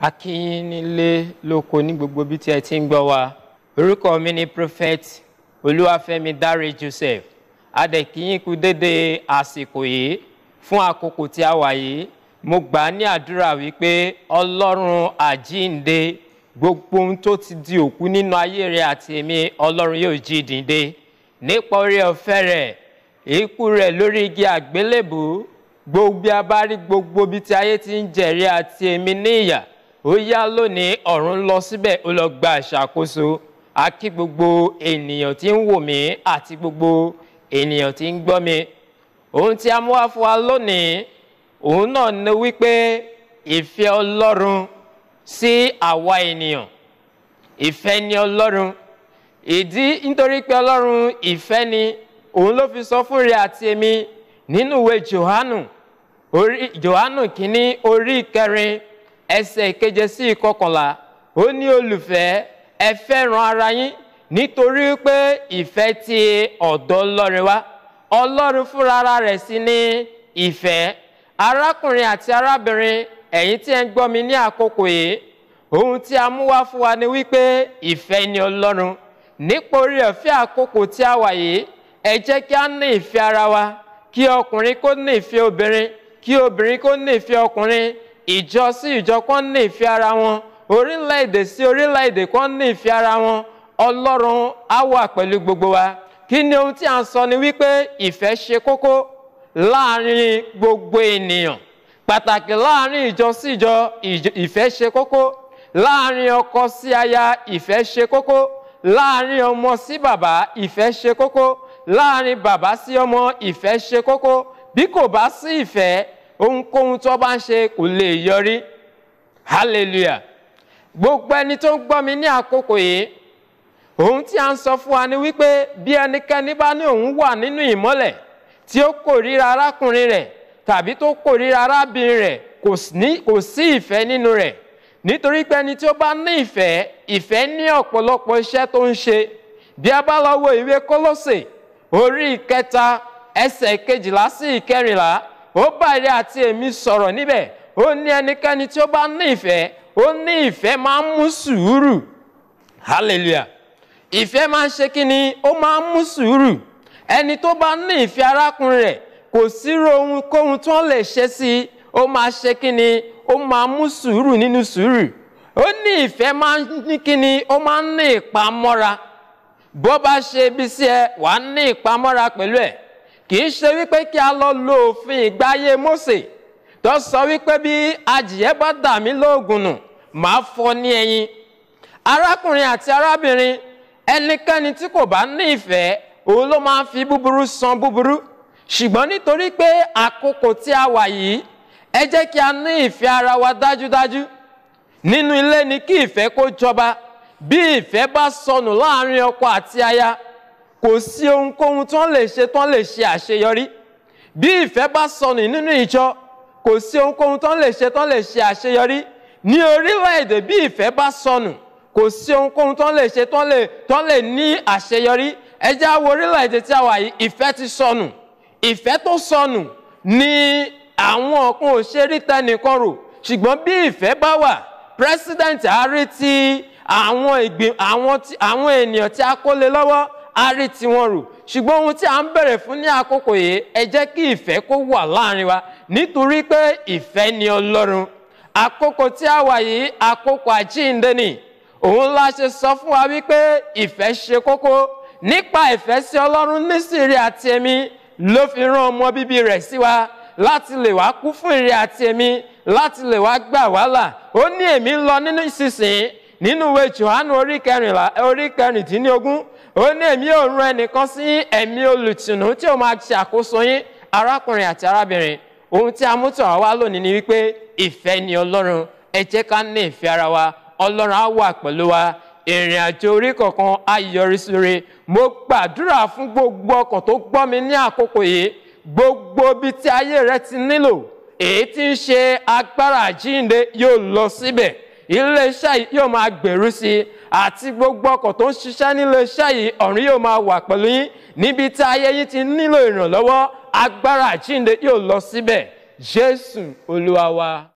akínyìn nílé lóko ní gbogbo bí tí ẹ ti ń gbọ́ wa orúkọ mi ni prophet olúwàfẹ́mi dáre joseph adẹ̀kínyìn kú dédé àsìkò yìí fún àkókò tí a wà yìí mo gbà á ní àdúrà wípé ọlọ́run àjíǹde gbogbo ohun tó ti di òkú nínú ayé rẹ àti èmi ọlọ́run yóò jí dìde nípa orí ọ̀fẹ́ rẹ̀ ikú rẹ̀ lórí igi àgbélébùú gbogbo abárí gbogbo ibi tí ayé ti ń jẹ̀rí àti èmi ní ìyà ó yá lónìí ọ̀run lọ síbẹ̀ ó lọ gba ìṣàkóso a kí gbogbo ènìyàn tí ń wò mí àti gbogbo ènìyàn tí ń gbọ́ mi ohun tí a mú wá fún wa lónìí òun náà ni wípé ìfẹ́ ọlọ́run sí àwa ènìyàn ìfẹ́ ni ọlọ́run ìdí nítorí pé ọlọ́run ìfẹ́ ni òun ló fi sọ fún rẹ àti èmi nínú ìwé Jòhánù Jòhánù kínní orí kẹrin ẹsẹ̀ ìkeje sí ìkọkànlá ó ní olùfẹ́ ẹ fẹ́ràn ara yín nítorí pé ìfẹ́ ti ọ̀dọ̀ ọlọ́run wá ọlọ́run fúnra rẹ̀ sì ní ìfẹ́ arákùnrin àti arábìnrin ẹ̀yin tí ẹ ń gbọ́ mi ní àkókò yìí ohun tí a mú wá fún wa ni wípé ìfẹ́ ni ọlọ́run nípa orí ọ̀fẹ́ àkókò tí a wà yìí ẹ jẹ́ kí a ní ìfẹ́ ara wa kí ọkùnrin kó ní ìfẹ́ obìnrin kí obìnrin kó ní ìfẹ́ ọkùnrin ìjọ sí ìjọ kan ní ìfẹ́ ara wọn orílẹ̀-èdè sí orílẹ̀-èdè kan ní ìfẹ́ ara wọn ọlọ́run á wà pẹ̀lú gbogbo wa kí ni ohun tí à ń sọ ni wípé ìfẹ́ ṣe kókó láàrin gbogbo ènìyàn pàtàkì láàrin ìjọ sí ìjọ ìfẹ́ ṣe kókó láàrin ọkọ sí aya ìfẹ́ ṣe kókó láàrin ọmọ sí bàbá ìfẹ́ ṣe kókó láàrin bàbá sí ọmọ ìfẹ́ ṣe kókó bí kò bá sí ìfẹ́ ohunkóhun tó bá ṣe kò lè yọrí hallelujah gbogbo ẹni tó gbọ́ mi ní àkókò yìí ohun tí a sọ fún wa ni wípé bí ẹnikẹ́ni bá ní òun wà nínú ìmọ́lẹ̀ tí ó arákùnrin rẹ̀ tàbí tó arábìnrin rẹ̀ kò sí ìfẹ́ nínú rẹ̀ ẹni tí ó bá ní ìfẹ́ ìfẹ́ ní ọ̀pọ̀lọpọ̀ iṣẹ́ tó ń ṣe bí a bá lọ ó bá ilé àti èmi sọ̀rọ̀ níbẹ̀ ó ní ẹnikẹ́ni tí ó bá ní ìfẹ́ ó ní ìfẹ́ máa ń mú sùúrù hallelujah ìfẹ́ máa ń ṣe kí ni ó máa ń mú sùúrù ẹni tó bá ní ìfẹ́ arákùnrin rẹ̀ kò sírò ohunkóhun tó lè ṣe sí i ó máa ṣe kí ni ó máa mú sùúrù nínú sùúrù ó ní ìfẹ́ máa ń ní kí ni ó máa ń ní ìpamọ́ra bó bá ṣe ibi sí ẹ wàá ní ìpamọ́ra pẹ̀lú ẹ̀ kì í ṣe wípé kí a lọ lo òfin ìgbáyé Mósè tó sọ wípé bí adìyẹ bá dà mí lóògùn nù màá fọ́ ní ẹyin arákùnrin àti arábìnrin ẹnikẹ́ni tí kò bá ní ìfẹ́ òun ló máa fi búburú san búburú ṣùgbọ́n nítorí pé àkókò tí a wà yìí ẹ jẹ́ kí a ní ìfẹ́ ara wa dájúdájú nínú ilé ni kí ìfẹ́ kó jọba bí ìfẹ́ bá sọnù láàrin ọkọ àti aya kò sí ohunkóhun tí wọ́n lè ṣe tí wọ́n lè ṣe àṣeyọrí bí ìfẹ́ bá sọnù nínú ìjọ kò sí ohunkóhun tí wọ́n lè ṣe tí wọ́n lè ṣe àṣeyọrí ní orílẹ̀-èdè bí ìfẹ́ bá sọnù kò sí ohunkóhun tí wọ́n lè ṣe tí wọ́n lè ní àṣeyọrí ẹ jẹ́ orílẹ̀-èdè tí a wà yìí ìfẹ́ ti sọnù ìfẹ́ tó sọnù ni àwọn ọ̀kan ò ṣe rí tẹnìkan rò ṣùgbọ́n bí ìfẹ́ bá wà president àárí ti àwọn ènìyàn tí a kó lé lọ́wọ́ á rí tiwọn rò ṣùgbọ́n ohun tí a ń bẹ̀rẹ̀ fún ní àkókò yìí ẹ jẹ́ kí ìfẹ́ kó wà láàrin wa nítorí pé ìfẹ́ ni Ọlọ́run àkókò tí a wà yìí àkókò àjíǹde ni òun la ṣe sọ fún wa wípé ìfẹ́ ṣe kókó nípa ìfẹ́ sí Ọlọ́run nísìrí àti ẹ̀mí ló fi rán ọmọ bíbí rẹ̀ sí wa láti lè wá kú fún ìrẹ àti ẹ̀mí láti lè wá gbà wá ó ní èmi lọ nínú ìsinsìnyí nínú ìwé Jòhánù orí kẹrìndínlógún ó ní èmi ò rán ẹnìkan sí ẹ̀mí olùtùnú tí ó máa ṣe àkóso yín arákùnrin àti arábìnrin ohun tí a mú tọ̀ wá lónìí ni wípé ìfẹ́ ni ọlọ́run ẹ jẹ́ ká ní ìfẹ́ ara wa ọlọ́run á wà pẹ̀lú wa ìrìn àjò orí kọ̀ọ̀kan á yọrí sórí mo gbàdúrà fún gbogbo ọkàn tó gbọ́ mi ní àkókò yìí gbogbo ibi tí ayé rẹ ti nílò èyí tí ń ṣe agbára àjíǹde yóò lọ síbẹ̀ iléeṣẹ́ yóò máa gbèrú sí i àti gbogbo ọkọ̀ tó ń ṣiṣẹ́ nílé iṣẹ́ yìí ọ̀run yóò máa wà pẹ̀lú yín níbi tí ayé yín ti nílò ìrànlọ́wọ́ agbára àjíǹde yóò lọ síbẹ̀ Jésù Olúwa wa.